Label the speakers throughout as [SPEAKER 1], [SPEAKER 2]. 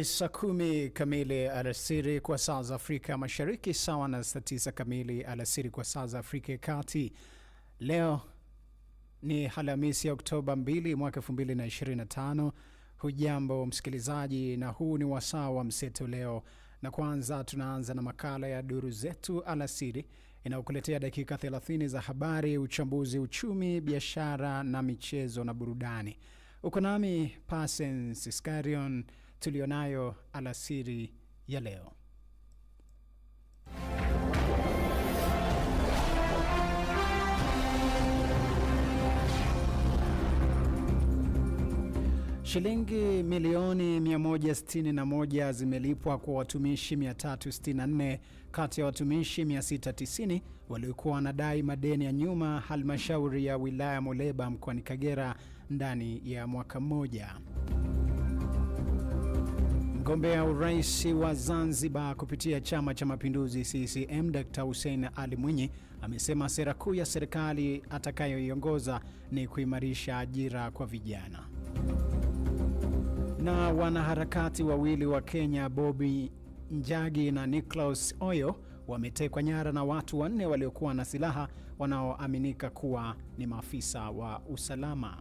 [SPEAKER 1] ni saa kumi kamili alasiri kwa saa za Afrika Mashariki, sawa na saa tisa kamili alasiri kwa saa za Afrika ya Kati. Leo ni halhamisi ya Oktoba 2 mwaka 225 Hujambo msikilizaji, na huu ni wasaa wa mseto leo, na kwanza tunaanza na makala ya duru zetu alasiri inayokuletea dakika 30 za habari, uchambuzi, uchumi, biashara na michezo na burudani. Uko nami Pasen Siskarion tulionayo alasiri ya leo. Shilingi milioni 161 zimelipwa kwa watumishi 364 kati ya watumishi 690 waliokuwa wanadai madeni ya nyuma halmashauri ya wilaya Muleba mkoani Kagera ndani ya mwaka mmoja. Mgombea urais wa Zanzibar kupitia Chama cha Mapinduzi CCM Dkt. Hussein Ali Mwinyi amesema sera kuu ya serikali atakayoiongoza ni kuimarisha ajira kwa vijana. Na wanaharakati wawili wa Kenya Bobby Njagi na Nicholas Oyo wametekwa nyara na watu wanne waliokuwa na silaha wanaoaminika kuwa ni maafisa wa usalama.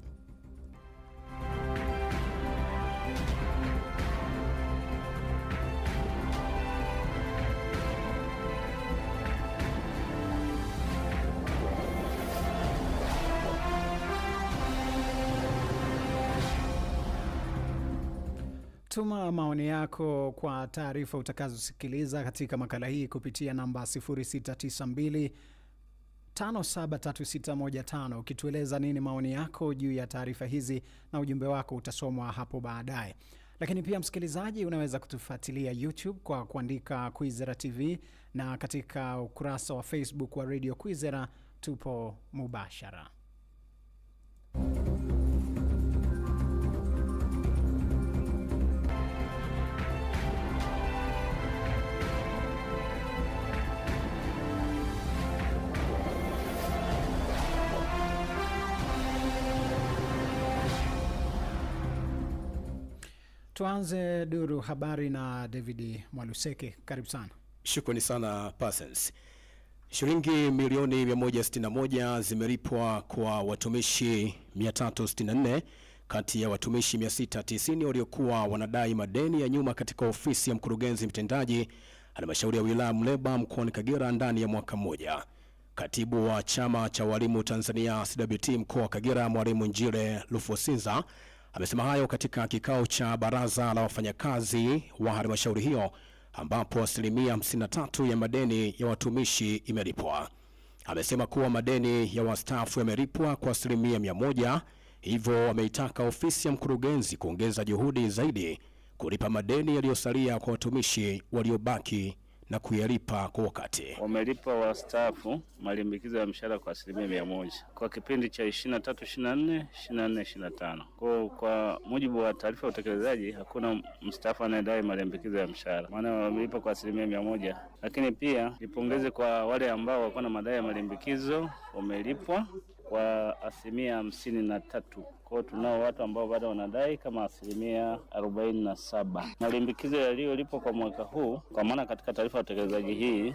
[SPEAKER 1] Tuma maoni yako kwa taarifa utakazosikiliza katika makala hii kupitia namba 0692 573615 ukitueleza nini maoni yako juu ya taarifa hizi na ujumbe wako utasomwa hapo baadaye. Lakini pia msikilizaji, unaweza kutufuatilia YouTube kwa kuandika Kwizera TV na katika ukurasa wa Facebook wa Radio Kwizera tupo mubashara. Tuanze duru habari na David Mwaluseke, karibu sana.
[SPEAKER 2] Shukrani sana Parsons. Shilingi milioni 161 zimelipwa kwa watumishi 364 kati ya watumishi 690 waliokuwa wanadai madeni ya nyuma katika ofisi ya mkurugenzi mtendaji halmashauri ya wilaya Muleba mkoani Kagera ndani ya mwaka mmoja. Katibu wa chama cha walimu Tanzania CWT mkoa wa Kagera, Mwalimu Njile Lufosinza Amesema hayo katika kikao cha baraza la wafanyakazi wa halmashauri hiyo ambapo asilimia 53 ya madeni ya watumishi imelipwa. Amesema kuwa madeni ya wastaafu yamelipwa kwa asilimia mia moja, hivyo wameitaka ofisi ya mkurugenzi kuongeza juhudi zaidi kulipa madeni yaliyosalia kwa watumishi waliobaki na kuyalipa kwa wakati.
[SPEAKER 3] Wamelipa wastaafu malimbikizo ya mshahara kwa asilimia mia moja kwa kipindi cha 23 24 tatu 25. na nne kwa mujibu wa taarifa ya utekelezaji, hakuna mstaafu anayedai malimbikizo ya mshahara, maana wamelipa kwa asilimia mia moja. Lakini pia nipongeze kwa wale ambao wako na madai ya malimbikizo wamelipwa kwa asilimia hamsini na tatu. Kwao tunao watu ambao bado wanadai kama asilimia arobaini na saba. Malimbikizo yaliyolipo kwa mwaka huu, kwa maana katika taarifa ya utekelezaji hii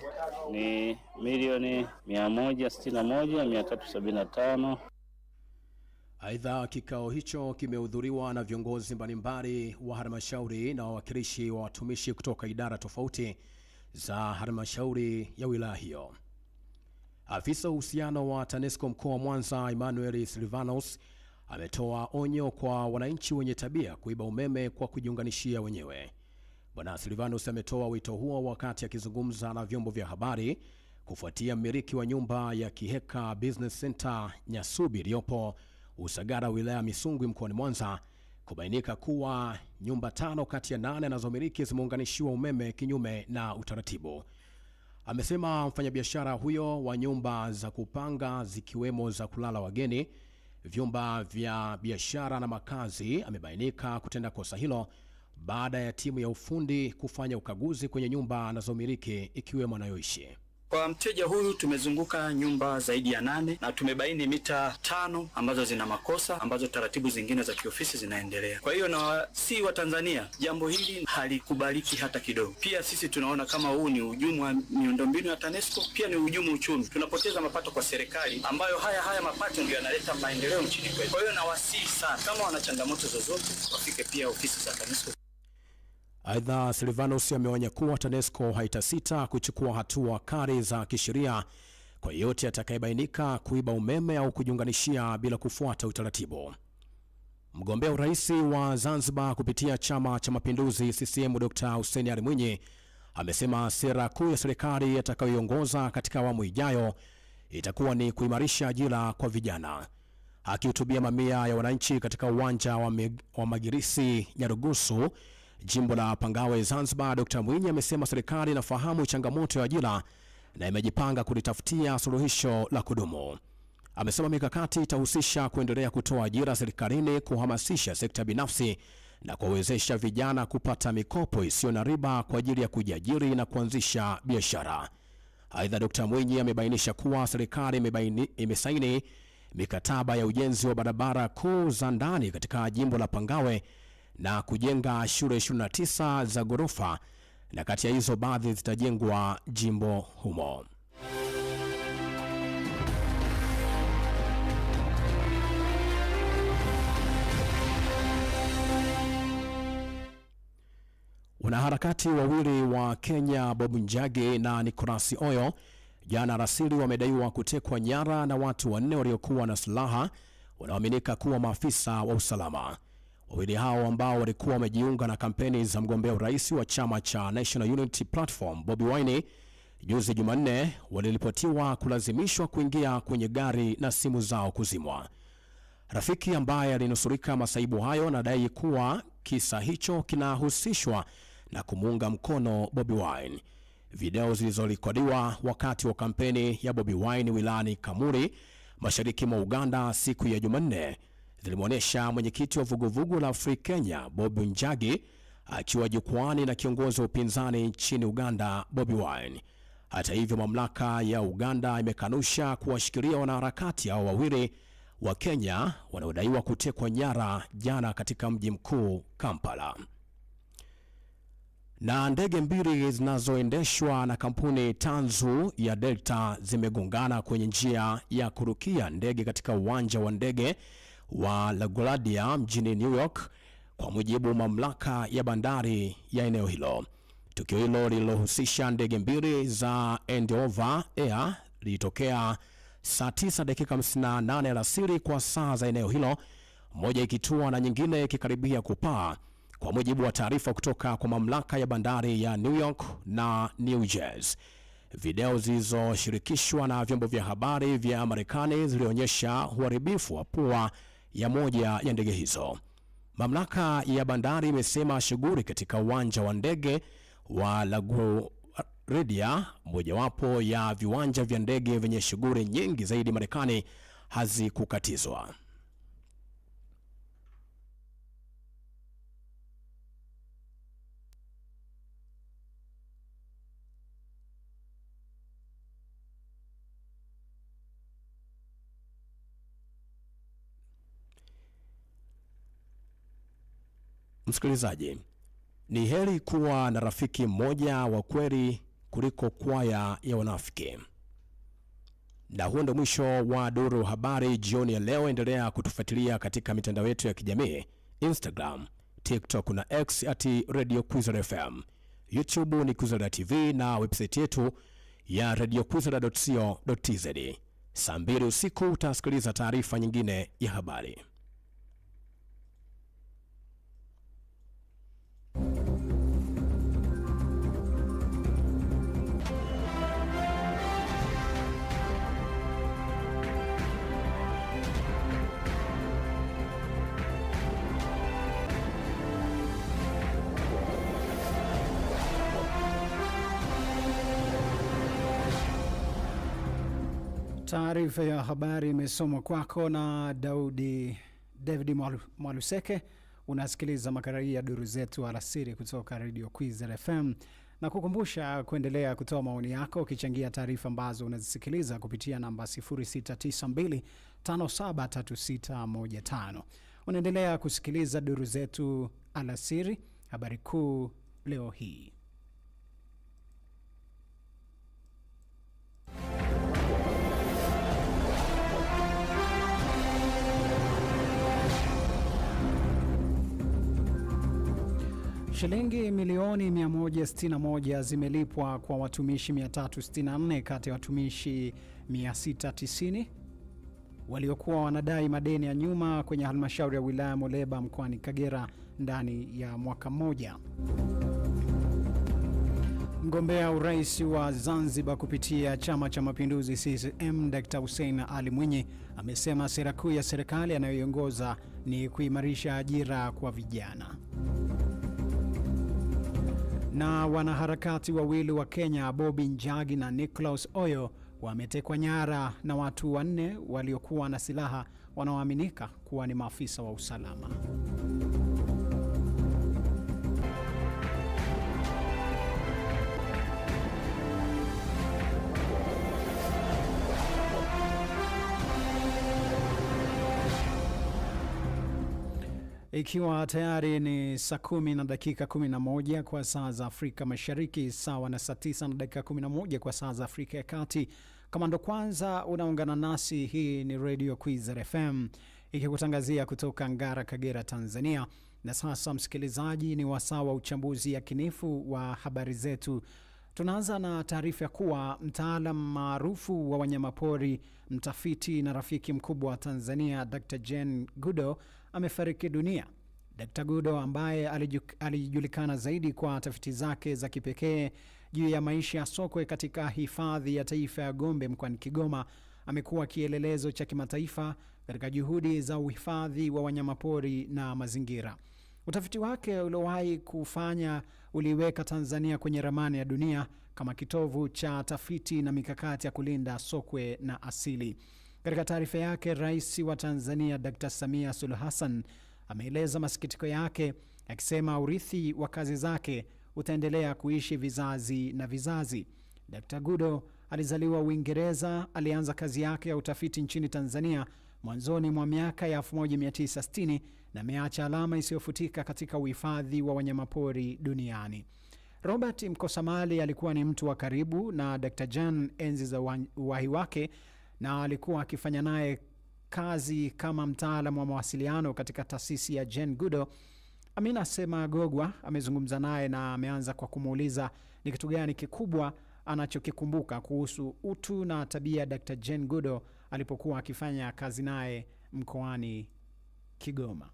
[SPEAKER 3] ni milioni mia moja sitini na moja mia tatu sabini na tano.
[SPEAKER 1] Aidha, kikao hicho kimehudhuriwa na viongozi mbalimbali wa halmashauri na wawakilishi wa watumishi kutoka idara tofauti za halmashauri ya wilaya hiyo. Afisa uhusiano wa TANESCO mkoa wa Mwanza Emmanuel Silvanos ametoa onyo kwa wananchi wenye tabia kuiba umeme kwa kujiunganishia wenyewe. Bwana Silvanos ametoa wito huo wakati akizungumza na vyombo vya habari kufuatia mmiliki wa nyumba ya Kiheka Business Center Nyasubi iliyopo Usagara wilaya Misungwi mkoani Mwanza kubainika kuwa nyumba tano kati ya nane anazomiliki zimeunganishiwa umeme kinyume na utaratibu. Amesema mfanyabiashara huyo wa nyumba za kupanga zikiwemo za kulala wageni, vyumba vya biashara na makazi amebainika kutenda kosa hilo baada ya timu ya ufundi kufanya ukaguzi kwenye nyumba anazomiliki ikiwemo anayoishi.
[SPEAKER 4] Kwa mteja huyu tumezunguka nyumba zaidi ya nane na tumebaini mita tano ambazo zina makosa ambazo taratibu zingine za kiofisi zinaendelea. Kwa hiyo na si wa Tanzania, jambo hili halikubaliki hata kidogo. Pia sisi tunaona kama huu ni ujumu wa miundombinu ya TANESCO, pia ni ujumu uchumi. Tunapoteza mapato kwa serikali ambayo haya haya mapato ndio yanaleta maendeleo nchini kwetu. Kwa hiyo nawasihi sana, kama wana changamoto zozote wafike pia ofisi za TANESCO.
[SPEAKER 1] Aidha, Silvanus ameonya kuwa TANESCO haitasita kuchukua hatua kali za kisheria kwa yeyote atakayebainika kuiba umeme au kujiunganishia bila kufuata utaratibu. Mgombea urais wa Zanzibar kupitia Chama cha Mapinduzi CCM Dr. Hussein Ali Mwinyi amesema sera kuu ya serikali atakayoiongoza katika awamu ijayo itakuwa ni kuimarisha ajira kwa vijana. Akihutubia mamia ya wananchi katika uwanja wa Magirisi Nyarugusu Jimbo la Pangawe Zanzibar, Dr. Mwinyi amesema serikali inafahamu changamoto ya ajira na imejipanga kulitafutia suluhisho la kudumu. Amesema mikakati itahusisha kuendelea kutoa ajira serikalini, kuhamasisha sekta binafsi na kuwezesha vijana kupata mikopo isiyo na riba kwa ajili ya kujiajiri na kuanzisha biashara. Aidha, Dr. Mwinyi amebainisha kuwa serikali imesaini mikataba ya ujenzi wa barabara kuu za ndani katika jimbo la Pangawe na kujenga shule 29 za ghorofa na kati ya hizo baadhi zitajengwa jimbo humo. Wanaharakati wawili wa Kenya Bob Njagi na Nicholas Oyo jana rasili wamedaiwa kutekwa nyara na watu wanne waliokuwa na silaha wanaoaminika kuwa maafisa wa usalama. Wawili hao ambao walikuwa wamejiunga na kampeni za mgombea urais wa chama cha National Unity Platform Bobi Wine juzi Jumanne waliripotiwa kulazimishwa kuingia kwenye gari na simu zao kuzimwa. Rafiki ambaye alinusurika masaibu hayo anadai kuwa kisa hicho kinahusishwa na kumuunga mkono Bobi Wine. Video zilizorekodiwa wakati wa kampeni ya Bobi Wine wilayani Kamuri, mashariki mwa Uganda siku ya Jumanne zilimwonyesha mwenyekiti wa vuguvugu la Free Kenya Bobi Njagi akiwa jukwani na kiongozi wa upinzani nchini Uganda Bobby Wine. Hata hivyo, mamlaka ya Uganda imekanusha kuwashikilia wanaharakati hao wawili wa Kenya wanaodaiwa kutekwa nyara jana katika mji mkuu Kampala. Na ndege mbili zinazoendeshwa na kampuni tanzu ya Delta zimegongana kwenye njia ya kurukia ndege katika uwanja wa ndege wa LaGuardia mjini New York, kwa mujibu wa mamlaka ya bandari ya eneo hilo. Tukio hilo lililohusisha ndege mbili za Andover Air lilitokea saa 9 dakika 58 alasiri kwa saa za eneo hilo, moja ikitua na nyingine ikikaribia kupaa, kwa mujibu wa taarifa kutoka kwa mamlaka ya bandari ya New York na New Jersey. Video zilizoshirikishwa na vyombo vya habari vya Marekani zilionyesha uharibifu wa pua ya moja ya ndege hizo. Mamlaka ya bandari imesema shughuli katika uwanja wa ndege wa LaGuardia, mojawapo ya viwanja vya ndege vyenye shughuli nyingi zaidi Marekani, hazikukatizwa. Msikilizaji, ni heri kuwa na rafiki mmoja wa kweli kuliko kwaya ya wanafiki. Na huo ndo mwisho wa duru habari jioni ya leo. Endelea kutufuatilia katika mitandao yetu ya kijamii Instagram, TikTok na X at Radio Kwizera FM. YouTube ni Kwizera TV na website yetu ya radiokwizera.co.tz. Saa mbili usiku utasikiliza taarifa nyingine ya habari. Taarifa ya habari imesomwa kwako na Daudi David Mwaluseke. Unasikiliza makala hii ya duru zetu alasiri kutoka Radio Kwizera FM na kukumbusha kuendelea kutoa maoni yako ukichangia taarifa ambazo unazisikiliza kupitia namba 0692573615. Unaendelea kusikiliza duru zetu alasiri, habari kuu leo hii Shilingi milioni 161 zimelipwa kwa watumishi 364 kati ya watumishi 690 waliokuwa wanadai madeni ya nyuma kwenye halmashauri ya wilaya Muleba mkoani Kagera ndani ya mwaka mmoja. Mgombea urais wa Zanzibar kupitia Chama cha Mapinduzi CCM Dr. Hussein Ali Mwinyi amesema sera kuu ya serikali anayoiongoza ni kuimarisha ajira kwa vijana. Na wanaharakati wawili wa Kenya, Bobby Njagi na niklaus Oyo wametekwa nyara na watu wanne waliokuwa na silaha wanaoaminika kuwa ni maafisa wa usalama. Ikiwa tayari ni saa kumi na dakika kumi na moja kwa saa za Afrika Mashariki, sawa na saa tisa na dakika kumi na moja kwa saa za Afrika ya Kati. Kama ndo kwanza unaungana nasi, hii ni Radio Kwizera FM ikikutangazia kutoka Ngara, Kagera, Tanzania. Na sasa, msikilizaji, ni wasaa wa uchambuzi yakinifu wa habari zetu. Tunaanza na taarifa ya kuwa mtaalam maarufu wa wanyamapori, mtafiti na rafiki mkubwa wa Tanzania, Dr jan gudo amefariki dunia. Dkt. Gudo ambaye alijulikana zaidi kwa tafiti zake za kipekee juu ya maisha ya sokwe katika hifadhi ya taifa ya Gombe mkoani Kigoma amekuwa kielelezo cha kimataifa katika juhudi za uhifadhi wa wanyamapori na mazingira. Utafiti wake uliowahi kufanya uliweka Tanzania kwenye ramani ya dunia kama kitovu cha tafiti na mikakati ya kulinda sokwe na asili. Katika taarifa yake, Rais wa Tanzania Dr. Samia Suluhu Hassan ameeleza masikitiko yake akisema urithi wa kazi zake utaendelea kuishi vizazi na vizazi. Dr. Gudo alizaliwa Uingereza, alianza kazi yake ya utafiti nchini Tanzania mwanzoni mwa miaka ya 1960 na ameacha alama isiyofutika katika uhifadhi wa wanyamapori duniani. Robert Mkosamali alikuwa ni mtu wa karibu na Dr. Jan enzi za uwahi wake na alikuwa akifanya naye kazi kama mtaalam wa mawasiliano katika taasisi ya jen gudo Amina Semagogwa amezungumza naye na ameanza kwa kumuuliza ni kitu gani kikubwa anachokikumbuka kuhusu utu na tabia ya Dr. gudo alipokuwa akifanya kazi naye mkoani Kigoma.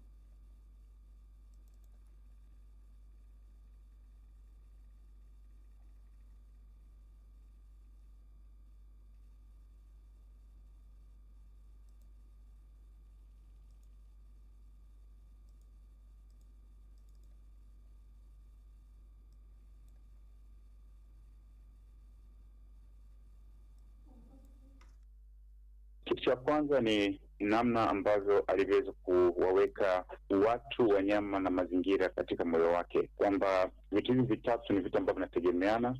[SPEAKER 5] Kitu cha kwanza ni namna ambavyo alivyoweza kuwaweka watu, wanyama na mazingira katika moyo wake, kwamba vitu hivi vitatu ni vitu ambavyo vinategemeana,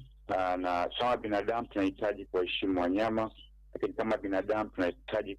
[SPEAKER 5] na kama binadamu tunahitaji kuwaheshimu wanyama, lakini kama binadamu tunahitaji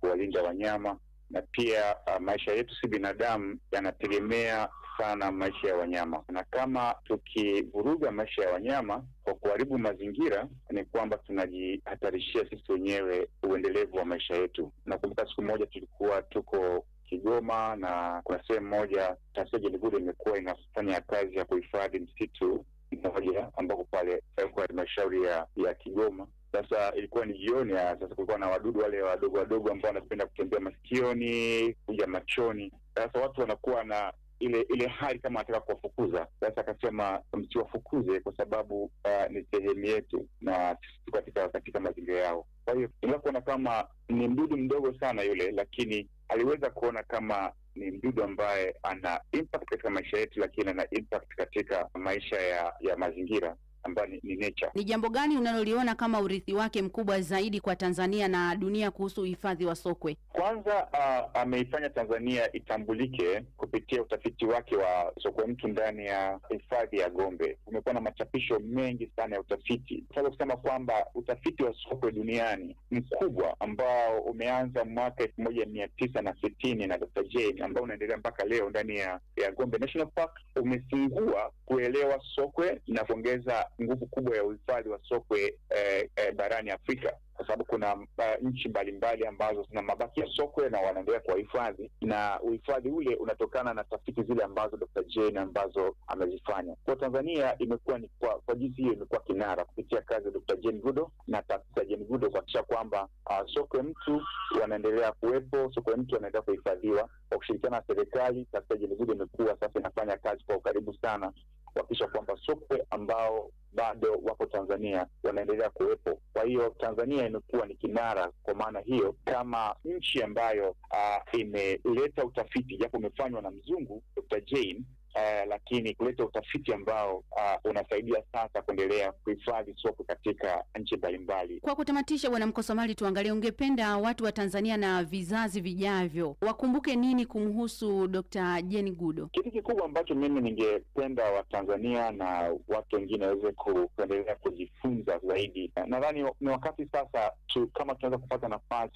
[SPEAKER 5] kuwalinda wanyama na pia uh, maisha yetu si binadamu yanategemea sana maisha ya wanyama, na kama tukivuruga maisha ya wanyama kwa kuharibu mazingira, ni kwamba tunajihatarishia sisi wenyewe uendelevu wa maisha yetu. Nakumbuka siku moja tulikuwa tuko Kigoma na kuna sehemu moja tasia Jenivule imekuwa inafanya kazi ya kuhifadhi msitu mmoja ambako pale kwa halmashauri ya, ya Kigoma. Sasa ilikuwa ni jioni sasa, kulikuwa na wadudu wale wadogo wadogo ambao wanapenda kutembea masikioni kuja machoni. Sasa watu wanakuwa na ile ile hali kama anataka kuwafukuza. Sasa akasema msiwafukuze kwa sababu uh, ni sehemu yetu na sisi katika katika mazingira yao. Kwa hiyo inaweza kuona kama ni mdudu mdogo sana yule, lakini aliweza kuona kama ni mdudu ambaye ana impact katika maisha yetu, lakini ana impact katika maisha ya ya mazingira ambayo ni, ni nature.
[SPEAKER 1] Ni jambo gani unaloliona kama urithi wake mkubwa zaidi kwa Tanzania na dunia kuhusu uhifadhi wa sokwe?
[SPEAKER 5] Kwanza uh, ameifanya Tanzania itambulike kupitia utafiti wake wa sokwe mtu ndani ya hifadhi ya Gombe. Kumekuwa na machapisho mengi sana ya utafiti, tunaweza kusema kwamba utafiti wa sokwe duniani mkubwa ambao umeanza mwaka elfu moja mia tisa na sitini na Dr. Jane ambao unaendelea mpaka leo ndani ya, ya Gombe National Park umefungua kuelewa sokwe na kuongeza nguvu kubwa ya uhifadhi wa sokwe eh, eh, barani Afrika kwa sababu kuna uh, nchi mbalimbali ambazo zina mabaki ya sokwe na wanaendelea kuwahifadhi, na uhifadhi ule unatokana na tafiti zile ambazo d Jane ambazo amezifanya. Kwa Tanzania imekuwa ni kwa, kwa jinsi hiyo imekuwa kinara kupitia kazi ya d Jane vudo na tafiti za Jane vudo kuakisha kwamba uh, sokwe mtu wanaendelea kuwepo, sokwe mtu wanaendelea kuhifadhiwa kwa kushirikiana na serikali. Tafiti ya Jane vudo imekuwa sasa inafanya kazi kwa ukaribu sana kuhakikisha kwamba sokwe ambao bado wako Tanzania, wanaendelea kuwepo. Kwa hiyo Tanzania imekuwa ni kinara kwa maana hiyo, kama nchi ambayo uh, imeleta utafiti japo umefanywa na mzungu Dr. Jane uh, lakini kuleta utafiti ambao uh, unasaidia sasa kuendelea kuhifadhi sokwe katika nchi mbalimbali.
[SPEAKER 1] Kwa kutamatisha, Bwana Mkosomali, tuangalie, ungependa watu wa Tanzania na vizazi vijavyo wakumbuke nini kumhusu Dr. Jane Goodall?
[SPEAKER 5] Kitu kikubwa ambacho mimi ningependa Watanzania na watu wengine waweze kuendelea kujifunza zaidi, nadhani ni wakati sasa tu, kama tunaweza kupata nafasi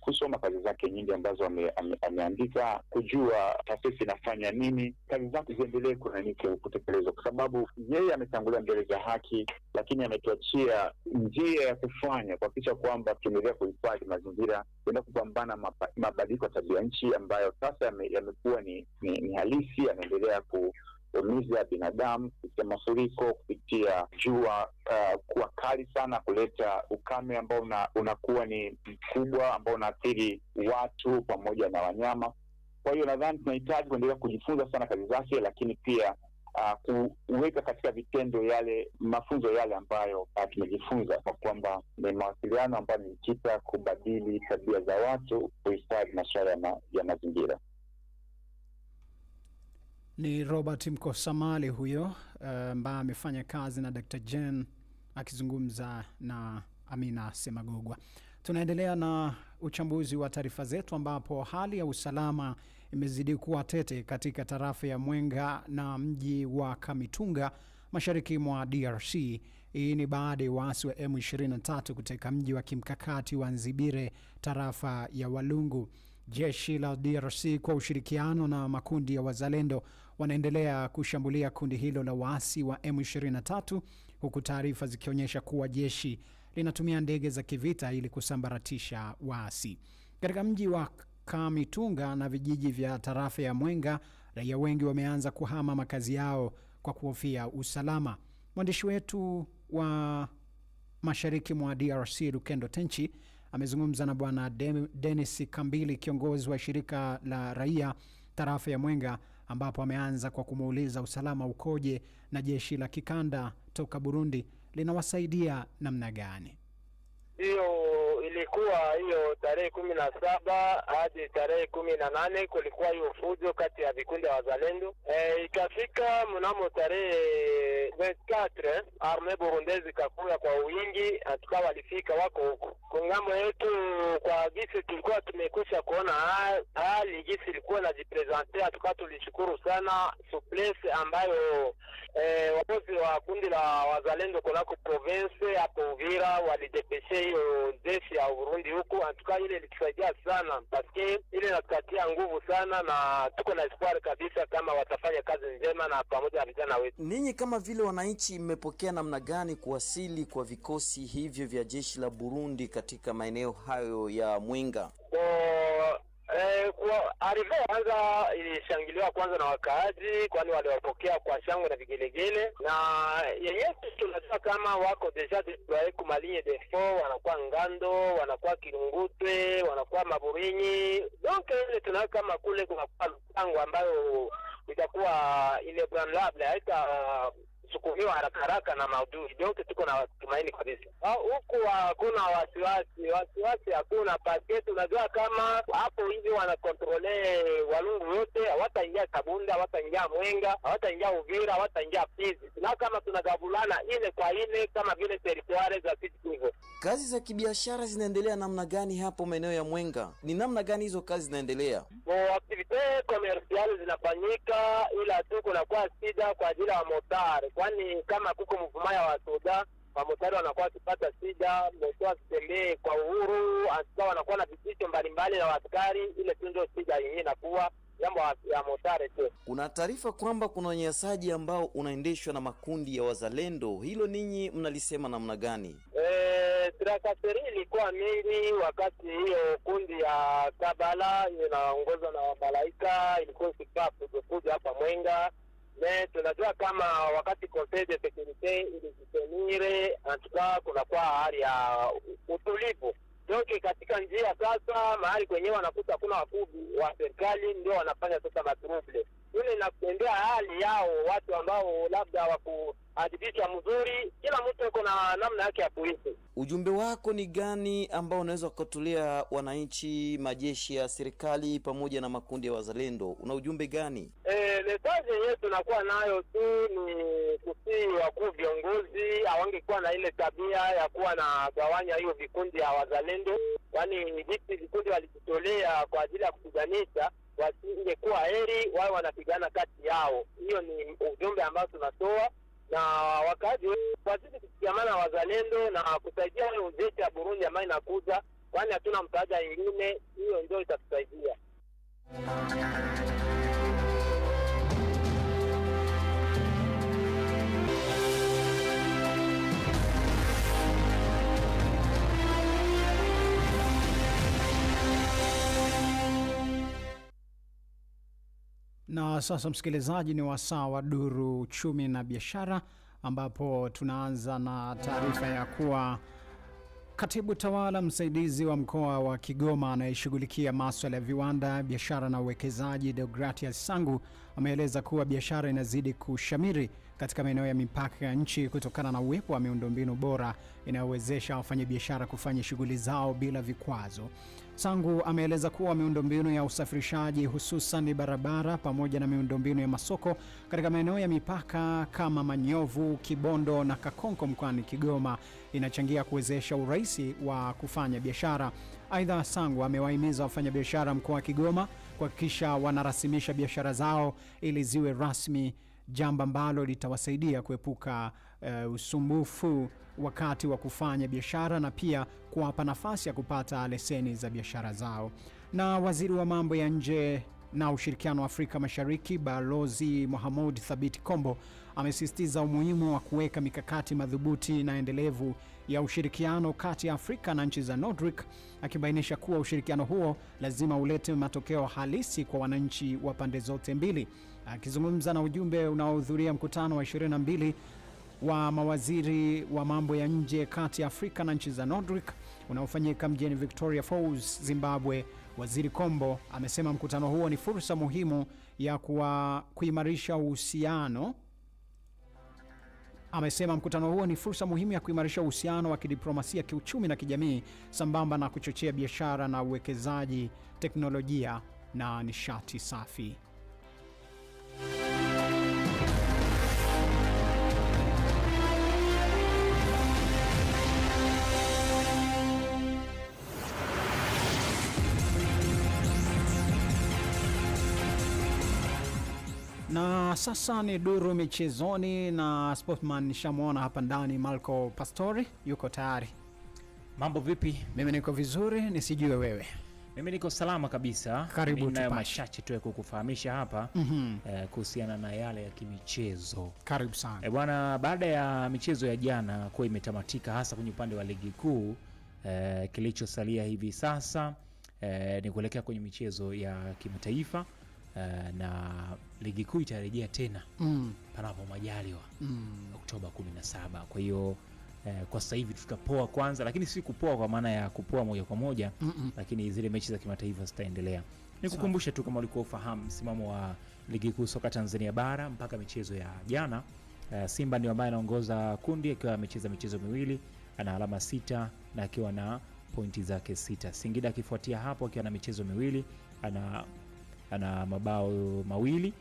[SPEAKER 5] kusoma kazi zake nyingi ambazo ameandika, ame, ameandika, kujua taasisi inafanya nini, kazi zake iendelee kunanike kutekelezwa, kwa sababu yeye ametangulia mbele za haki, lakini ametuachia njia ya kufanya kuhakikisha kwamba tukiendelea kuhifadhi mazingira kuenda kupambana mabadiliko ya tabia nchi ambayo sasa yamekuwa ni, ni, ni halisi, yanaendelea kuumiza binadamu kupitia mafuriko, kupitia jua uh, kuwa kali sana, kuleta ukame ambao unakuwa una ni mkubwa ambao unaathiri watu pamoja na wanyama. Kwa hiyo nadhani tunahitaji kuendelea kujifunza sana kazi zake, lakini pia uh, kuweka katika vitendo yale mafunzo yale ambayo uh, tumejifunza kwa kwamba ni mawasiliano ambayo imejikita kubadili tabia za watu, kuhifadhi masuala ya, ma, ya mazingira.
[SPEAKER 1] Ni Robert Mkosamali huyo eh, ambaye uh, amefanya kazi na Dr. jen akizungumza na Amina Semagogwa. Tunaendelea na uchambuzi wa taarifa zetu ambapo hali ya usalama imezidi kuwa tete katika tarafa ya Mwenga na mji wa Kamitunga mashariki mwa DRC. Hii ni baada ya waasi wa M23 kuteka mji wa kimkakati wa Nzibire tarafa ya Walungu. Jeshi la DRC kwa ushirikiano na makundi ya wazalendo wanaendelea kushambulia kundi hilo la waasi wa M23 huku taarifa zikionyesha kuwa jeshi linatumia ndege za kivita ili kusambaratisha waasi. Katika mji wa Kamitunga na vijiji vya tarafa ya Mwenga, raia wengi wameanza kuhama makazi yao kwa kuhofia usalama. Mwandishi wetu wa mashariki mwa DRC Lukendo Tenchi amezungumza na Bwana Dennis Kambili, kiongozi wa shirika la raia tarafa ya Mwenga, ambapo ameanza kwa kumuuliza usalama ukoje na jeshi la kikanda toka Burundi linawasaidia namna gani?
[SPEAKER 6] Hiyo ilikuwa hiyo tarehe kumi na saba hadi tarehe kumi na nane kulikuwa hiyo fujo kati ya vikundi ya wazalendo e, ikafika mnamo tarehe 24 arme burundezi kakula kwa wingi atuka walifika wako huko kungambo yetu. Kwa gisi tulikuwa tumekwisha kuona hali gisi ilikuwa najipresente, atuka tulishukuru sana suplese ambayo eh, wakozi wa kundi la wazalendo kunako province hapo Uvira walidepeshe hiyo jeshi ya Burundi huku, atuka ile ilitusaidia sana paske ile natukatia nguvu sana, na tuko na espoir kabisa kama sana na pamoja na vijana wetu.
[SPEAKER 1] Ninyi kama vile wananchi, mmepokea namna gani kuwasili kwa vikosi hivyo vya jeshi la Burundi katika maeneo hayo ya Mwenga?
[SPEAKER 6] Eh, kwa arifa kwanza ilishangiliwa kwanza na wakaaji, kwani waliwapokea kwa shangwe na vigelegele, na yenyewe tunajua kama wako deja deploye de defo, wanakuwa Ngando, wanakuwa Kirungutwe, wanakuwa Maburinyi, donc ile tunayo kama kule kunakuwa Lupango ambayo itakuwa ile brand labda haita kuchukuliwa haraka haraka na maudhui donke, tuko na watumaini kabisa ah, huku, hakuna wasiwasi, wasiwasi hakuna paske tunajua kama hapo hivi wanakontrole walungu wote hawataingia Kabunda, hawataingia Mwenga, hawataingia Uvira, hawataingia Fizi, na kama tunagabulana ile kwa ile kama vile teritoare za Sud Kivu.
[SPEAKER 1] Kazi za kibiashara zinaendelea namna gani hapo maeneo ya Mwenga? Ni namna gani hizo kazi zinaendelea?
[SPEAKER 6] aktivite komersiali zinafanyika, ila tu kunakuwa sida kwa ajili ya motari kwani kama kuko mvumaya wa soda wamotari wanakuwa wakipata shida, mesha wakitembee kwa uhuru, aska wanakuwa na vitisho mbalimbali na waskari Ile tu ndio shida yenyewe inakuwa jambo ya motare tu.
[SPEAKER 1] Kuna taarifa kwamba kuna unyanyasaji ambao unaendeshwa na makundi ya wazalendo, hilo ninyi mnalisema namna gani?
[SPEAKER 6] E, trakaseri ilikuwa mingi wakati hiyo kundi ya Kabala inaongozwa na malaika ilikuwa ikikaa kuja hapa Mwenga me tunajua kama wakati conseil de securite ilijitemire antuka kunakuwa hali ya utulivu donc katika njia sasa, mahali kwenyewe wanakuta kuna wakubi wa serikali ndio wanafanya sasa matrouble ile, inakutendea hali yao watu ambao labda waku ya mzuri, kila mtu uko na namna yake ya kuishi.
[SPEAKER 1] Ujumbe wako ni gani ambao unaweza ukatolea wananchi, majeshi ya serikali pamoja na makundi ya wazalendo? Una ujumbe gani?
[SPEAKER 6] E, message yenyewe tunakuwa nayo tu ni kusii wakuu viongozi hawangekuwa na ile tabia ya kuwa na gawanya hiyo vikundi ya wazalendo, kwani jinsi vikundi walijitolea kwa ajili ya kupiganisha wasingekuwa heri wawe wanapigana kati yao. Hiyo ni ujumbe ambao tunatoa na wakaaji wazidi kushikamana wazalendo na kusaidia jeshi ya Burundi ambayo inakuja, kwani hatuna msaada ingine, hiyo ndio itatusaidia.
[SPEAKER 1] Na sasa msikilizaji, ni wasaa wa Duru Uchumi na Biashara, ambapo tunaanza na taarifa ya kuwa katibu tawala msaidizi wa mkoa wa Kigoma anayeshughulikia maswala ya viwanda, biashara na uwekezaji, Deogratias Sangu ameeleza kuwa biashara inazidi kushamiri katika maeneo ya mipaka ya nchi kutokana na uwepo wa miundombinu bora inayowezesha wafanyabiashara kufanya shughuli zao bila vikwazo. Sangu ameeleza kuwa miundombinu ya usafirishaji hususan barabara pamoja na miundombinu ya masoko katika maeneo ya mipaka kama Manyovu, Kibondo na Kakonko mkoani Kigoma inachangia kuwezesha urahisi wa kufanya biashara. Aidha, Sangu amewahimiza wafanyabiashara mkoa wa Kigoma kuhakikisha wanarasimisha biashara zao ili ziwe rasmi, jambo ambalo litawasaidia kuepuka uh, usumbufu wakati wa kufanya biashara na pia kuwapa nafasi ya kupata leseni za biashara zao. Na waziri wa mambo ya nje na ushirikiano wa Afrika Mashariki Balozi Mohamud Thabit Kombo amesisitiza umuhimu wa kuweka mikakati madhubuti na endelevu ya ushirikiano kati ya Afrika na nchi za Nordic, akibainisha kuwa ushirikiano huo lazima ulete matokeo halisi kwa wananchi wa pande zote mbili. Akizungumza na ujumbe unaohudhuria mkutano wa wa mawaziri wa mambo ya nje kati ya Afrika na nchi za Nordic unaofanyika mjini Victoria Falls, Zimbabwe, Waziri Kombo amesema mkutano huo ni fursa muhimu ya kuwa kuimarisha uhusiano amesema mkutano huo ni fursa muhimu ya kuimarisha uhusiano wa kidiplomasia, kiuchumi na kijamii sambamba na kuchochea biashara na uwekezaji, teknolojia na nishati safi. Na sasa ni duru michezoni na sportman, nishamwona hapa ndani malco pastori yuko tayari.
[SPEAKER 7] Mambo vipi? Mimi niko vizuri, nisijue wewe. Mimi niko salama kabisa. Karibu machache tu ya kukufahamisha hapa mm -hmm. eh, kuhusiana na yale ya kimichezo. Karibu sana. Eh, bwana, baada ya michezo ya jana kuwa imetamatika hasa kwenye upande wa ligi kuu eh, kilichosalia hivi sasa eh, ni kuelekea kwenye michezo ya kimataifa Eh, na ligi kuu itarejea tena mm. panapo majaliwa mm. Oktoba 17. Kwa hiyo eh, kwa sasa hivi tutapoa kwanza, lakini si kupoa kwa maana ya kupoa moja kwa moja mm -mm. Lakini zile mechi za kimataifa zitaendelea. Nikukumbushe tu kama ulikuwa ufahamu msimamo wa ligi kuu soka Tanzania bara mpaka michezo ya jana. eh, Simba ndio ambaye anaongoza kundi akiwa amecheza michezo miwili, ana alama sita na akiwa na pointi zake sita. Singida akifuatia hapo akiwa na michezo miwili ana ana mabao mawili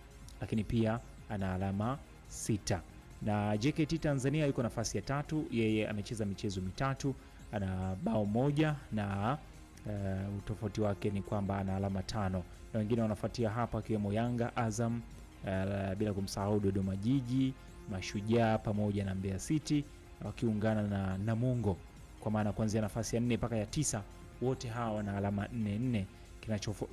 [SPEAKER 7] lakini pia ana alama sita na JKT Tanzania yuko nafasi ya tatu, yeye amecheza michezo mitatu, ana bao moja na uh, utofauti wake ni kwamba ana alama tano, na wengine wanafuatia hapa akiwemo Yanga, Azam, uh, bila kumsahau Dodoma Jiji, Mashujaa pamoja na Mbeya City wakiungana na Namungo, kwa maana kuanzia nafasi ya nne mpaka ya tisa wote hawa wana alama nne nne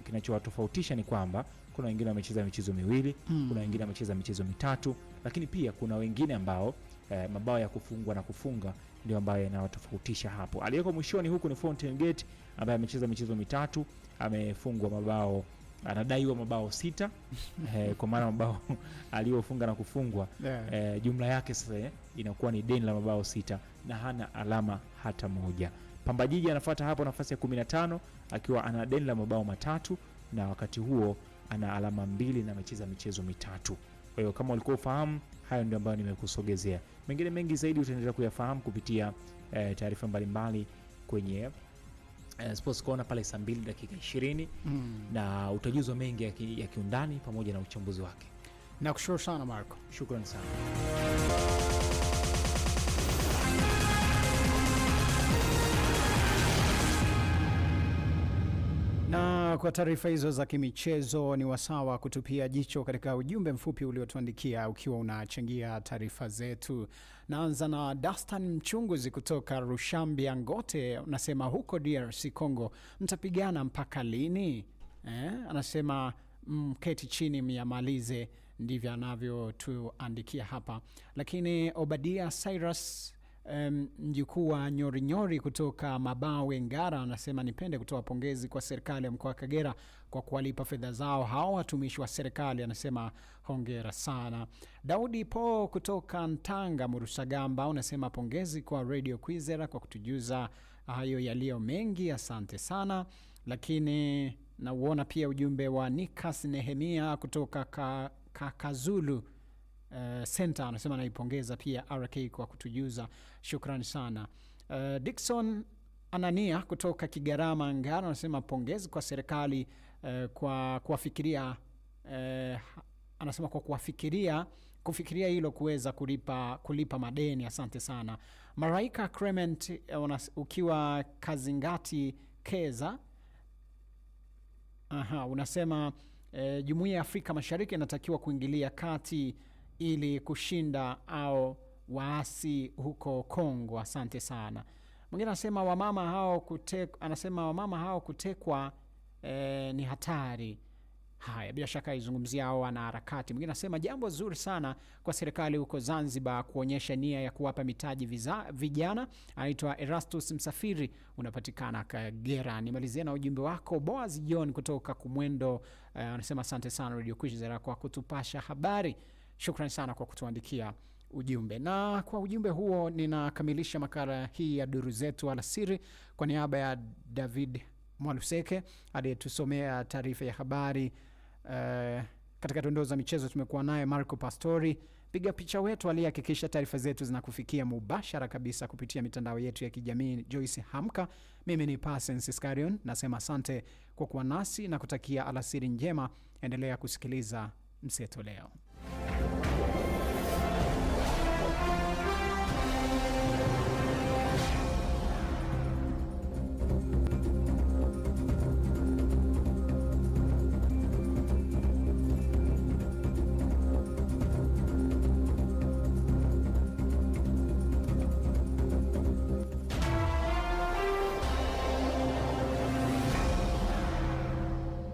[SPEAKER 7] kinachowatofautisha ni kwamba kuna wengine wamecheza michezo miwili mm. kuna wengine wamecheza michezo mitatu, lakini pia kuna wengine ambao eh, mabao ya kufungwa na kufunga ndio ambayo yanawatofautisha hapo. Aliyeko mwishoni huku ni Gate ambaye amecheza michezo mitatu, amefungwa mabao anadaiwa mabao sita eh, kwa maana mabao aliyofunga na kufungwa yeah. Eh, jumla yake sasa inakuwa ni deni la mabao sita na hana alama hata moja. Pamba Jiji anafuata hapo nafasi ya 15 akiwa ana deni la mabao matatu na wakati huo ana alama mbili na amecheza michezo mitatu. Kwa hiyo kama ulikuwa ufahamu, hayo ndio ambayo nimekusogezea. Mengine mengi zaidi utaendelea kuyafahamu kupitia e, taarifa mbalimbali kwenye eh, Sports Corner pale saa mbili dakika 20 mm. na utajuzwa mengi ya, ya kiundani pamoja na uchambuzi wake.
[SPEAKER 1] Nakushukuru sana Marco. Shukrani sana. kwa taarifa hizo za kimichezo, ni wasawa kutupia jicho katika ujumbe mfupi uliotuandikia ukiwa unachangia taarifa zetu. Naanza na Dastan Mchunguzi kutoka Rushambia Ngote, unasema huko DRC Congo mtapigana mpaka lini? Eh, anasema mketi mm, chini myamalize, ndivyo anavyotuandikia hapa. Lakini Obadia Cyrus mjukuu wa Nyorinyori kutoka Mabawe Ngara anasema nipende kutoa pongezi kwa serikali ya mkoa wa Kagera kwa kuwalipa fedha zao hao watumishi wa serikali, anasema hongera sana. Daudi Po kutoka Ntanga Murusagamba unasema pongezi kwa Radio Kwizera kwa kutujuza hayo yaliyo mengi, asante sana. Lakini nauona pia ujumbe wa Nikas Nehemia kutoka Kakazulu ka, eh, Center anasema naipongeza pia RK kwa kutujuza Shukrani sana. Uh, eh, dikson Anania kutoka Kigarama Ngara anasema pongezi kwa serikali uh, kwa kuwafikiria uh, anasema kwa kuwafikiria kufikiria hilo kuweza kulipa, kulipa madeni. Asante sana Maraika uh, ukiwa Kazingati Keza. Aha, unasema eh, Jumuiya ya Afrika Mashariki inatakiwa kuingilia kati ili kushinda au waasi huko Kongo. Asante sana. Mwingine anasema wamama hao kutekwa, anasema wamama hao kutekwa e, ni hatari. Haya, bila shaka izungumzia hao wanaharakati. Mwingine anasema jambo zuri sana kwa serikali huko Zanzibar kuonyesha nia ya kuwapa mitaji viza, vijana. Anaitwa Erastus Msafiri, unapatikana Kagera. Nimalizie na ujumbe wako Boaz John kutoka Kumwendo. Eh, anasema e, asante sana Radio Kwizera kwa kutupasha habari. Shukrani sana kwa kutuandikia ujumbe. Na kwa ujumbe huo ninakamilisha makala hii ya Duru Zetu Alasiri. Kwa niaba ya David Mwaluseke aliyetusomea taarifa ya habari uh, katika dondoo za michezo tumekuwa naye Marco Pastori, piga picha wetu aliyehakikisha taarifa zetu zinakufikia mubashara kabisa kupitia mitandao yetu ya kijamii, Joyce Hamka. Mimi ni Pasens Iskarion, nasema asante kwa kuwa nasi na kutakia alasiri njema. Endelea kusikiliza Mseto Leo.